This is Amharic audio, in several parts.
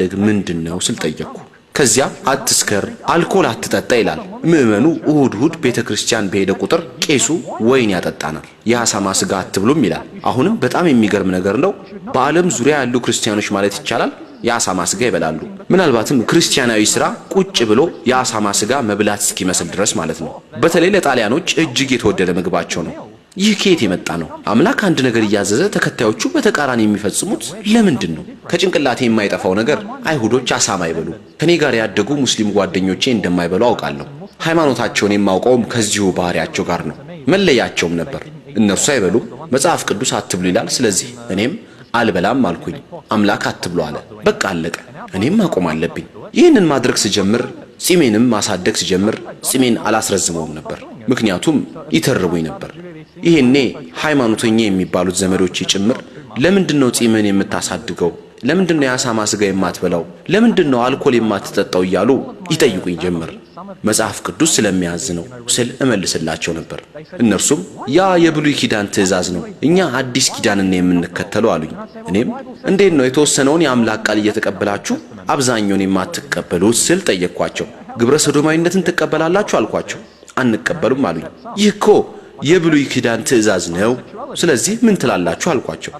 ማሳደግ ምንድን ነው ስል ጠየቅኩ። ከዚያ አትስከር፣ አልኮል አትጠጣ ይላል። ምዕመኑ እሁድ እሁድ ቤተ ክርስቲያን በሄደ ቁጥር ቄሱ ወይን ያጠጣናል። የአሳማ ስጋ አትብሉም ይላል። አሁንም በጣም የሚገርም ነገር ነው። በዓለም ዙሪያ ያሉ ክርስቲያኖች ማለት ይቻላል የአሳማ ስጋ ይበላሉ። ምናልባትም ክርስቲያናዊ ስራ ቁጭ ብሎ የአሳማ ስጋ መብላት እስኪመስል ድረስ ማለት ነው። በተለይ ለጣሊያኖች እጅግ የተወደደ ምግባቸው ነው። ይህ ከየት የመጣ ነው? አምላክ አንድ ነገር እያዘዘ ተከታዮቹ በተቃራኒ የሚፈጽሙት ለምንድን ነው? ከጭንቅላቴ የማይጠፋው ነገር አይሁዶች አሳማ አይበሉ። ከኔ ጋር ያደጉ ሙስሊም ጓደኞቼ እንደማይበሉ አውቃለሁ። ሃይማኖታቸውን የማውቀውም ከዚሁ ባህሪያቸው ጋር ነው። መለያቸውም ነበር። እነርሱ አይበሉም፣ መጽሐፍ ቅዱስ አትብሉ ይላል። ስለዚህ እኔም አልበላም አልኩኝ። አምላክ አትብሉ አለ። በቃ አለቀ። እኔም ማቆም አለብኝ። ይህንን ማድረግ ስጀምር ጺሜንም ማሳደግ ስጀምር ጺሜን አላስረዝመውም ነበር፣ ምክንያቱም ይተርቡኝ ነበር። ይህኔ ሃይማኖተኛ የሚባሉት ዘመዶቼ ጭምር ለምንድን ነው ጺምን የምታሳድገው ለምንድን ነው የአሳማ ስጋ የማትበላው? ለምንድን ነው አልኮል የማትጠጣው? እያሉ ይጠይቁኝ ጀመር። መጽሐፍ ቅዱስ ስለሚያዝ ነው ስል እመልስላቸው ነበር። እነርሱም ያ የብሉይ ኪዳን ትእዛዝ ነው፣ እኛ አዲስ ኪዳንን የምንከተለው አሉኝ። እኔም እንዴት ነው የተወሰነውን የአምላክ ቃል እየተቀበላችሁ አብዛኛውን የማትቀበሉት ስል ጠየቅኳቸው። ግብረ ሰዶማዊነትን ትቀበላላችሁ አልኳቸው። አንቀበሉም አሉኝ። ይህ እኮ የብሉይ ኪዳን ትእዛዝ ነው፣ ስለዚህ ምን ትላላችሁ አልኳቸው።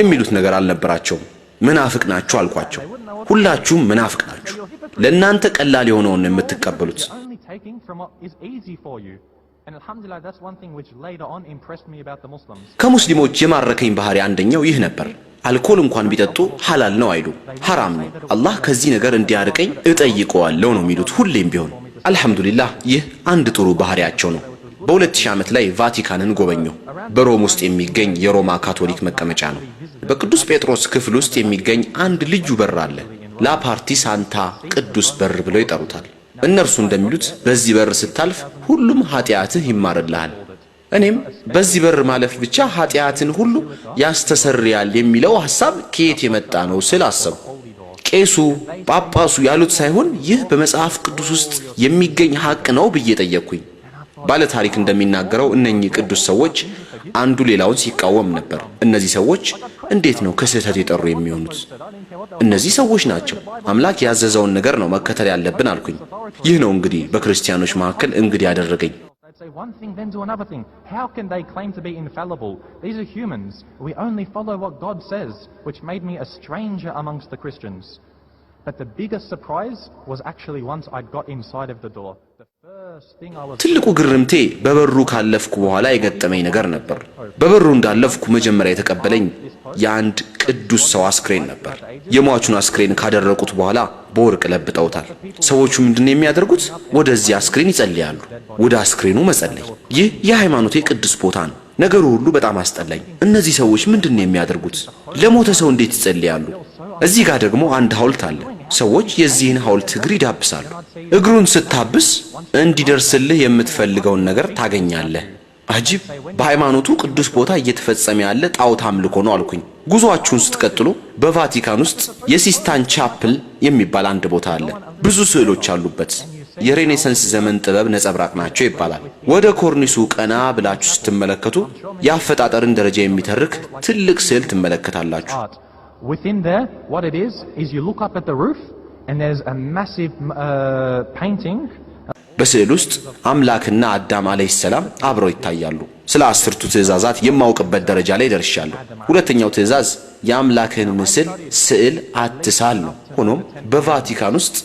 የሚሉት ነገር አልነበራቸውም። ምናፍቅ ናችሁ አልኳቸው። ሁላችሁም ምናፍቅ ናችሁ፣ ለእናንተ ቀላል የሆነውን የምትቀበሉት። ከሙስሊሞች የማረከኝ ባህሪ አንደኛው ይህ ነበር። አልኮል እንኳን ቢጠጡ ሐላል ነው አይሉ፣ ሐራም ነው። አላህ ከዚህ ነገር እንዲያርቀኝ እጠይቀዋለሁ ነው የሚሉት ሁሌም ቢሆን። አልሐምዱሊላህ ይህ አንድ ጥሩ ባህሪያቸው ነው። በ2000 ዓመት ላይ ቫቲካንን ጎበኘው በሮም ውስጥ የሚገኝ የሮማ ካቶሊክ መቀመጫ ነው። በቅዱስ ጴጥሮስ ክፍል ውስጥ የሚገኝ አንድ ልዩ በር አለ። ላፓርቲ ሳንታ ቅዱስ በር ብለው ይጠሩታል። እነርሱ እንደሚሉት በዚህ በር ስታልፍ ሁሉም ኃጢአትህ ይማርልሃል። እኔም በዚህ በር ማለፍ ብቻ ኃጢአትን ሁሉ ያስተሰርያል የሚለው ሐሳብ ከየት የመጣ ነው ስል አሰብኩ። ቄሱ፣ ጳጳሱ ያሉት ሳይሆን ይህ በመጽሐፍ ቅዱስ ውስጥ የሚገኝ ሐቅ ነው ብዬ ጠየቅኩኝ። ባለ ታሪክ እንደሚናገረው እነኚህ ቅዱስ ሰዎች አንዱ ሌላውን ሲቃወም ነበር። እነዚህ ሰዎች እንዴት ነው ከስህተት የጠሩ የሚሆኑት? እነዚህ ሰዎች ናቸው። አምላክ ያዘዘውን ነገር ነው መከተል ያለብን አልኩኝ። ይህ ነው እንግዲህ በክርስቲያኖች መካከል እንግዲህ ያደረገኝ። ትልቁ ግርምቴ በበሩ ካለፍኩ በኋላ የገጠመኝ ነገር ነበር። በበሩ እንዳለፍኩ መጀመሪያ የተቀበለኝ የአንድ ቅዱስ ሰው አስክሬን ነበር። የሟቹን አስክሬን ካደረቁት በኋላ በወርቅ ለብጠውታል። ሰዎቹ ምንድነው የሚያደርጉት? ወደዚህ አስክሬን ይጸልያሉ። ወደ አስክሬኑ መጸለይ። ይህ የሃይማኖቴ ቅዱስ ቦታ ነው። ነገሩ ሁሉ በጣም አስጠላኝ። እነዚህ ሰዎች ምንድነው የሚያደርጉት? ለሞተ ሰው እንዴት ይጸልያሉ? እዚህ ጋር ደግሞ አንድ ሐውልት አለ። ሰዎች የዚህን ሐውልት እግር ይዳብሳሉ። እግሩን ስታብስ እንዲደርስልህ የምትፈልገውን ነገር ታገኛለህ አጅብ! በሃይማኖቱ ቅዱስ ቦታ እየተፈጸመ ያለ ጣዖት አምልኮ ነው አልኩኝ። ጉዞአችሁን ስትቀጥሉ በቫቲካን ውስጥ የሲስታን ቻፕል የሚባል አንድ ቦታ አለ። ብዙ ስዕሎች አሉበት። የሬኔሰንስ ዘመን ጥበብ ነጸብራቅ ናቸው ይባላል። ወደ ኮርኒሱ ቀና ብላችሁ ስትመለከቱ የአፈጣጠርን ደረጃ የሚተርክ ትልቅ ስዕል ትመለከታላችሁ። በስዕል ውስጥ አምላክና አዳም አለይ ሰላም አብረው ይታያሉ። ስለ አስርቱ ትእዛዛት የማውቅበት ደረጃ ላይ ደርሻለሁ። ሁለተኛው ትእዛዝ የአምላክህን ምስል ስዕል አትሳል ነው። ሆኖም በቫቲካን ውስጥ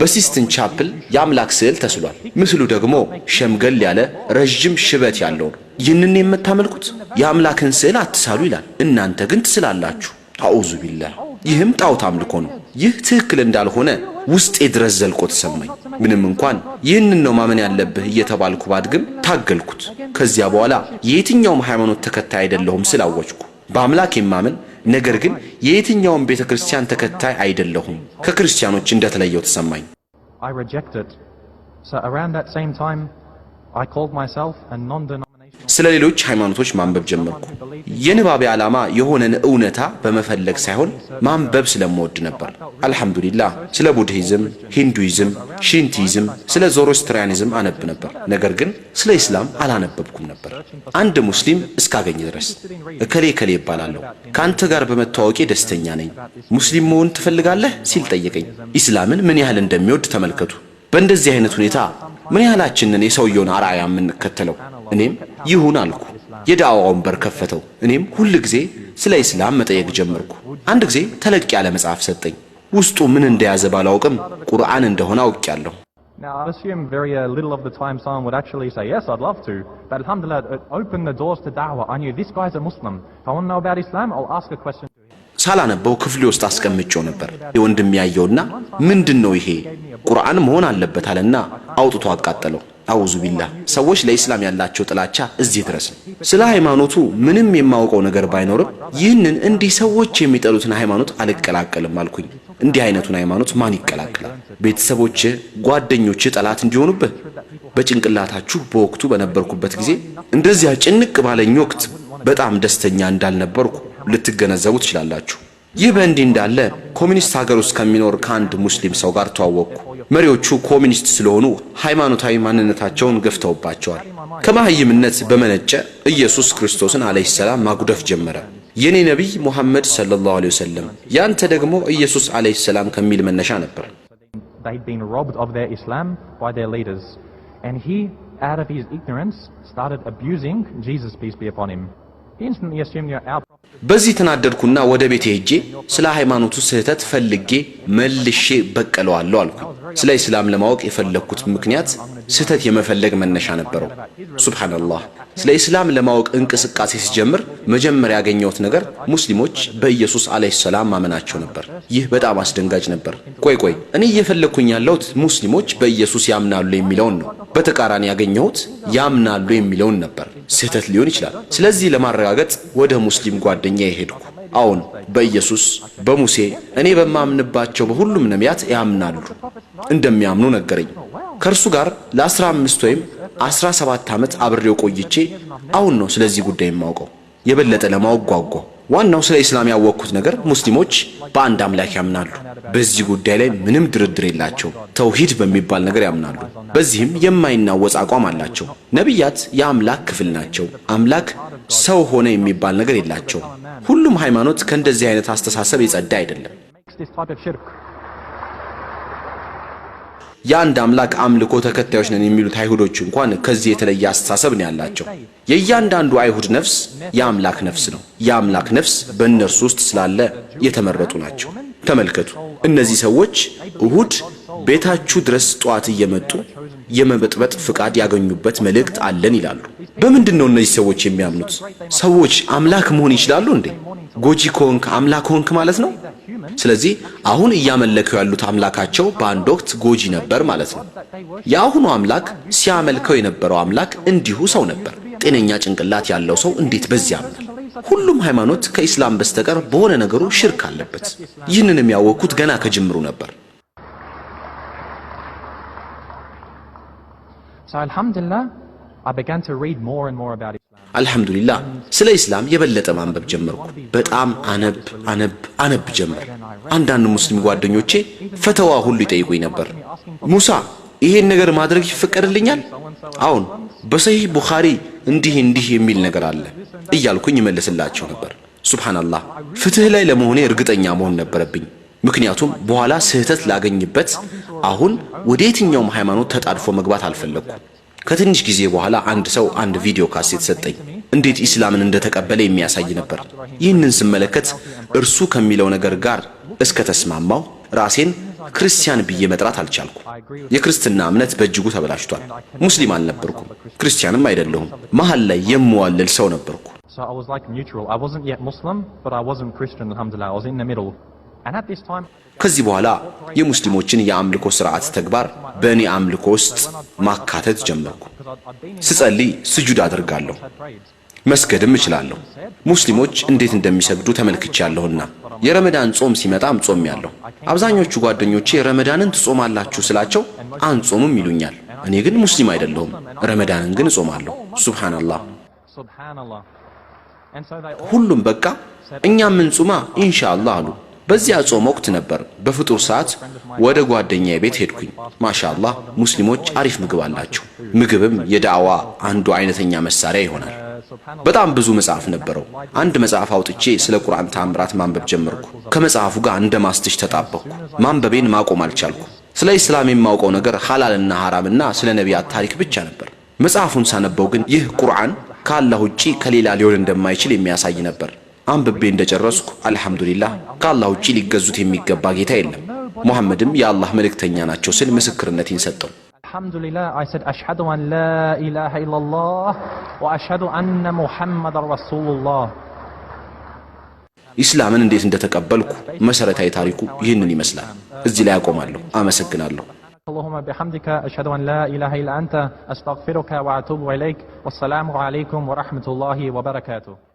በሲስትን ቻፕል የአምላክ ስዕል ተስሏል። ምስሉ ደግሞ ሸምገል ያለ ረዥም ሽበት ያለው ነው። ይህንን የምታመልኩት የአምላክን ስዕል አትሳሉ ይላል። እናንተ ግን ትስላላችሁ። አዑዙ ቢላህ። ይህም ጣዖት አምልኮ ነው። ይህ ትክክል እንዳልሆነ ውስጤ ድረስ ዘልቆ ተሰማኝ። ምንም እንኳን ይህንን ነው ማመን ያለብህ እየተባልኩ ባድግም ታገልኩት። ከዚያ በኋላ የየትኛውም ሃይማኖት ተከታይ አይደለሁም ስላወጅኩ በአምላክ የማምን ነገር ግን የየትኛውም ቤተ ክርስቲያን ተከታይ አይደለሁም። ከክርስቲያኖች እንደተለየው ተሰማኝ። ስለ ሌሎች ሃይማኖቶች ማንበብ ጀመርኩ። የንባቤ ዓላማ የሆነን እውነታ በመፈለግ ሳይሆን ማንበብ ስለምወድ ነበር። አልሐምዱሊላህ ስለ ቡድሂዝም፣ ሂንዱይዝም፣ ሺንቲይዝም፣ ስለ ዞሮስትሪያኒዝም አነብ ነበር። ነገር ግን ስለ ኢስላም አላነበብኩም ነበር። አንድ ሙስሊም እስካገኝ ድረስ እከሌ እከሌ ይባላለሁ፣ ከአንተ ጋር በመተዋወቄ ደስተኛ ነኝ፣ ሙስሊም መሆን ትፈልጋለህ ሲል ጠየቀኝ። ኢስላምን ምን ያህል እንደሚወድ ተመልከቱ። በእንደዚህ አይነት ሁኔታ ምን ያህላችንን የሰውየውን አርአያ የምንከተለው? እኔም ይሁን አልኩ። የዳዕዋ ወንበር ከፈተው። እኔም ሁል ጊዜ ስለ ኢስላም መጠየቅ ጀመርኩ። አንድ ጊዜ ተለቅ ያለ መጽሐፍ ሰጠኝ። ውስጡ ምን እንደያዘ ባላውቅም ቁርአን እንደሆነ አውቄያለሁ። ሳላነበው ክፍሌ ውስጥ አስቀምጬው ነበር። የወንድም ያየውና ምንድን ነው ይሄ ቁርአን መሆን አለበት አለና አውጥቶ አቃጠለው። አውዙ ቢላ ሰዎች ለኢስላም ያላቸው ጥላቻ እዚህ ድረስ ነው። ስለ ሃይማኖቱ ምንም የማውቀው ነገር ባይኖርም ይህንን እንዲህ ሰዎች የሚጠሉትን ሃይማኖት አልቀላቀልም አልኩኝ። እንዲህ አይነቱን ሃይማኖት ማን ይቀላቀላል? ቤተሰቦች፣ ጓደኞች ጠላት እንዲሆኑብህ በጭንቅላታችሁ። በወቅቱ በነበርኩበት ጊዜ እንደዚያ ጭንቅ ባለኝ ወቅት በጣም ደስተኛ እንዳልነበርኩ ልትገነዘቡ ትችላላችሁ። ይህ በእንዲህ እንዳለ ኮሚኒስት ሀገር ውስጥ ከሚኖር ከአንድ ሙስሊም ሰው ጋር ተዋወቅኩ። መሪዎቹ ኮሚኒስት ስለሆኑ ሃይማኖታዊ ማንነታቸውን ገፍተውባቸዋል። ከማህይምነት በመነጨ ኢየሱስ ክርስቶስን አለይሂ ሰላም ማጉደፍ ጀመረ። የኔ ነቢይ ሙሐመድ ሰለላሁ ዐለይሂ ወሰለም፣ ያንተ ደግሞ ኢየሱስ አለይሂ ሰላም ከሚል መነሻ ነበር። out of his ignorance started abusing Jesus peace be upon him he instantly assumed በዚህ ተናደድኩና ወደ ቤቴ ሄጄ ስለ ሃይማኖቱ ስህተት ፈልጌ መልሼ በቀለዋለሁ አልኩኝ። ስለ ኢስላም ለማወቅ የፈለግኩት ምክንያት ስህተት የመፈለግ መነሻ ነበረው። ሱብሓነላህ። ስለ ኢስላም ለማወቅ እንቅስቃሴ ሲጀምር መጀመሪያ ያገኘሁት ነገር ሙስሊሞች በኢየሱስ አለይሂ ሰላም ማመናቸው ነበር። ይህ በጣም አስደንጋጭ ነበር። ቆይ ቆይ፣ እኔ እየፈለግኩኝ ያለሁት ሙስሊሞች በኢየሱስ ያምናሉ የሚለውን ነው በተቃራኒ ያገኘሁት ያምናሉ የሚለውን ነበር። ስህተት ሊሆን ይችላል። ስለዚህ ለማረጋገጥ ወደ ሙስሊም ጓደኛ የሄድኩ አሁን በኢየሱስ በሙሴ እኔ በማምንባቸው በሁሉም ነቢያት ያምናሉ እንደሚያምኑ ነገረኝ። ከእርሱ ጋር ለ15 ወይም 17 ዓመት አብሬው ቆይቼ አሁን ነው ስለዚህ ጉዳይ የማውቀው። የበለጠ ለማወቅ ጓጓ። ዋናው ስለ ኢስላም ያወቅኩት ነገር ሙስሊሞች በአንድ አምላክ ያምናሉ በዚህ ጉዳይ ላይ ምንም ድርድር የላቸውም። ተውሂድ በሚባል ነገር ያምናሉ። በዚህም የማይናወጽ አቋም አላቸው። ነቢያት የአምላክ ክፍል ናቸው። አምላክ ሰው ሆነ የሚባል ነገር የላቸውም። ሁሉም ሃይማኖት ከእንደዚህ አይነት አስተሳሰብ የጸዳ አይደለም። የአንድ አምላክ አምልኮ ተከታዮች ነን የሚሉት አይሁዶች እንኳን ከዚህ የተለየ አስተሳሰብ ነው ያላቸው። የእያንዳንዱ አይሁድ ነፍስ የአምላክ ነፍስ ነው። የአምላክ ነፍስ በእነርሱ ውስጥ ስላለ የተመረጡ ናቸው። ተመልከቱ። እነዚህ ሰዎች እሁድ ቤታችሁ ድረስ ጠዋት እየመጡ የመበጥበጥ ፍቃድ ያገኙበት መልእክት አለን ይላሉ። በምንድን ነው እነዚህ ሰዎች የሚያምኑት? ሰዎች አምላክ መሆን ይችላሉ እንዴ? ጎጂ ከሆንክ አምላክ ሆንክ ማለት ነው። ስለዚህ አሁን እያመለከው ያሉት አምላካቸው በአንድ ወቅት ጎጂ ነበር ማለት ነው። የአሁኑ አምላክ ሲያመልከው የነበረው አምላክ እንዲሁ ሰው ነበር። ጤነኛ ጭንቅላት ያለው ሰው እንዴት በዚህ ያምናል? ሁሉም ሃይማኖት ከኢስላም በስተቀር በሆነ ነገሩ ሽርክ አለበት። ይህንን የሚያወቅኩት ገና ከጅምሩ ነበር። አልሐምዱሊላህ ስለ ኢስላም የበለጠ ማንበብ ጀመርኩ። በጣም አነብ አነብ አነብ ጀመር። አንዳንድ ሙስሊም ጓደኞቼ ፈተዋ ሁሉ ይጠይቁኝ ነበር። ሙሳ ይሄን ነገር ማድረግ ይፈቀድልኛል? አሁን በሰሂህ ቡኻሪ እንዲህ እንዲህ የሚል ነገር አለ እያልኩኝ ይመልስላቸው ነበር። ሱብሃናላህ ፍትህ ላይ ለመሆኔ እርግጠኛ መሆን ነበረብኝ። ምክንያቱም በኋላ ስህተት ላገኝበት። አሁን ወደ የትኛውም ሃይማኖት ተጣድፎ መግባት አልፈለግኩም። ከትንሽ ጊዜ በኋላ አንድ ሰው አንድ ቪዲዮ ካሴት ሰጠኝ። እንዴት ኢስላምን እንደተቀበለ የሚያሳይ ነበር። ይህንን ስመለከት እርሱ ከሚለው ነገር ጋር እስከ ተስማማው ራሴን ክርስቲያን ብዬ መጥራት አልቻልኩም። የክርስትና እምነት በእጅጉ ተበላሽቷል። ሙስሊም አልነበርኩም፣ ክርስቲያንም አይደለሁም። መሀል ላይ የምዋልል ሰው ነበርኩ። So I was like neutral. I wasn't yet Muslim, but I wasn't Christian, alhamdulillah. I was in the middle. And at this time, ከዚህ በኋላ የሙስሊሞችን የአምልኮ ስርዓት ተግባር በእኔ አምልኮ ውስጥ ማካተት ጀመርኩ። ስጸልይ ስጁድ አድርጋለሁ፣ መስገድም እችላለሁ። ሙስሊሞች እንዴት እንደሚሰግዱ ተመልክቻለሁና የረመዳን ጾም ሲመጣም ጾም ያለሁ። አብዛኞቹ ጓደኞቼ ረመዳንን ትጾማላችሁ ስላቸው አንጾምም ይሉኛል። እኔ ግን ሙስሊም አይደለሁም፣ ረመዳንን ግን እጾማለሁ። ሱብሃነላህ ሁሉም በቃ እኛ ምን ጹማ ኢንሻአላህ አሉ። በዚያ ጾም ወቅት ነበር በፍጡር ሰዓት ወደ ጓደኛዬ ቤት ሄድኩኝ። ማሻአላህ ሙስሊሞች አሪፍ ምግብ አላቸው። ምግብም የዳዕዋ አንዱ አይነተኛ መሳሪያ ይሆናል። በጣም ብዙ መጽሐፍ ነበረው። አንድ መጽሐፍ አውጥቼ ስለ ቁርአን ታምራት ማንበብ ጀመርኩ። ከመጽሐፉ ጋር እንደ ማስትሽ ተጣበቅኩ። ማንበቤን ማቆም አልቻልኩ። ስለ ኢስላም የማውቀው ነገር ሐላልና ሐራምና ስለ ነቢያት ታሪክ ብቻ ነበር። መጽሐፉን ሳነበው ግን ይህ ቁርአን ከአላህ ውጪ ከሌላ ሊሆን እንደማይችል የሚያሳይ ነበር። አንብቤ እንደጨረስኩ አልሐምዱሊላህ ከአላህ ውጪ ሊገዙት የሚገባ ጌታ የለም፣ ሙሐመድም የአላህ መልእክተኛ ናቸው ስል ምስክርነቴን ሰጠው። አልሐምዱሊላህ አይ ሰድ አሽሀዱ አን ላ ኢላሃ ኢለላህ ወአሽሀዱ አነ ሙሐመደን ረሱሉላህ። ኢስላምን እንዴት እንደተቀበልኩ መሰረታዊ ታሪኩ ይህንን ይመስላል። እዚህ ላይ አቆማለሁ። አመሰግናለሁ። اللهم بحمدك أشهد أن لا إله إلا أنت أستغفرك وأتوب إليك والسلام عليكم ورحمة الله وبركاته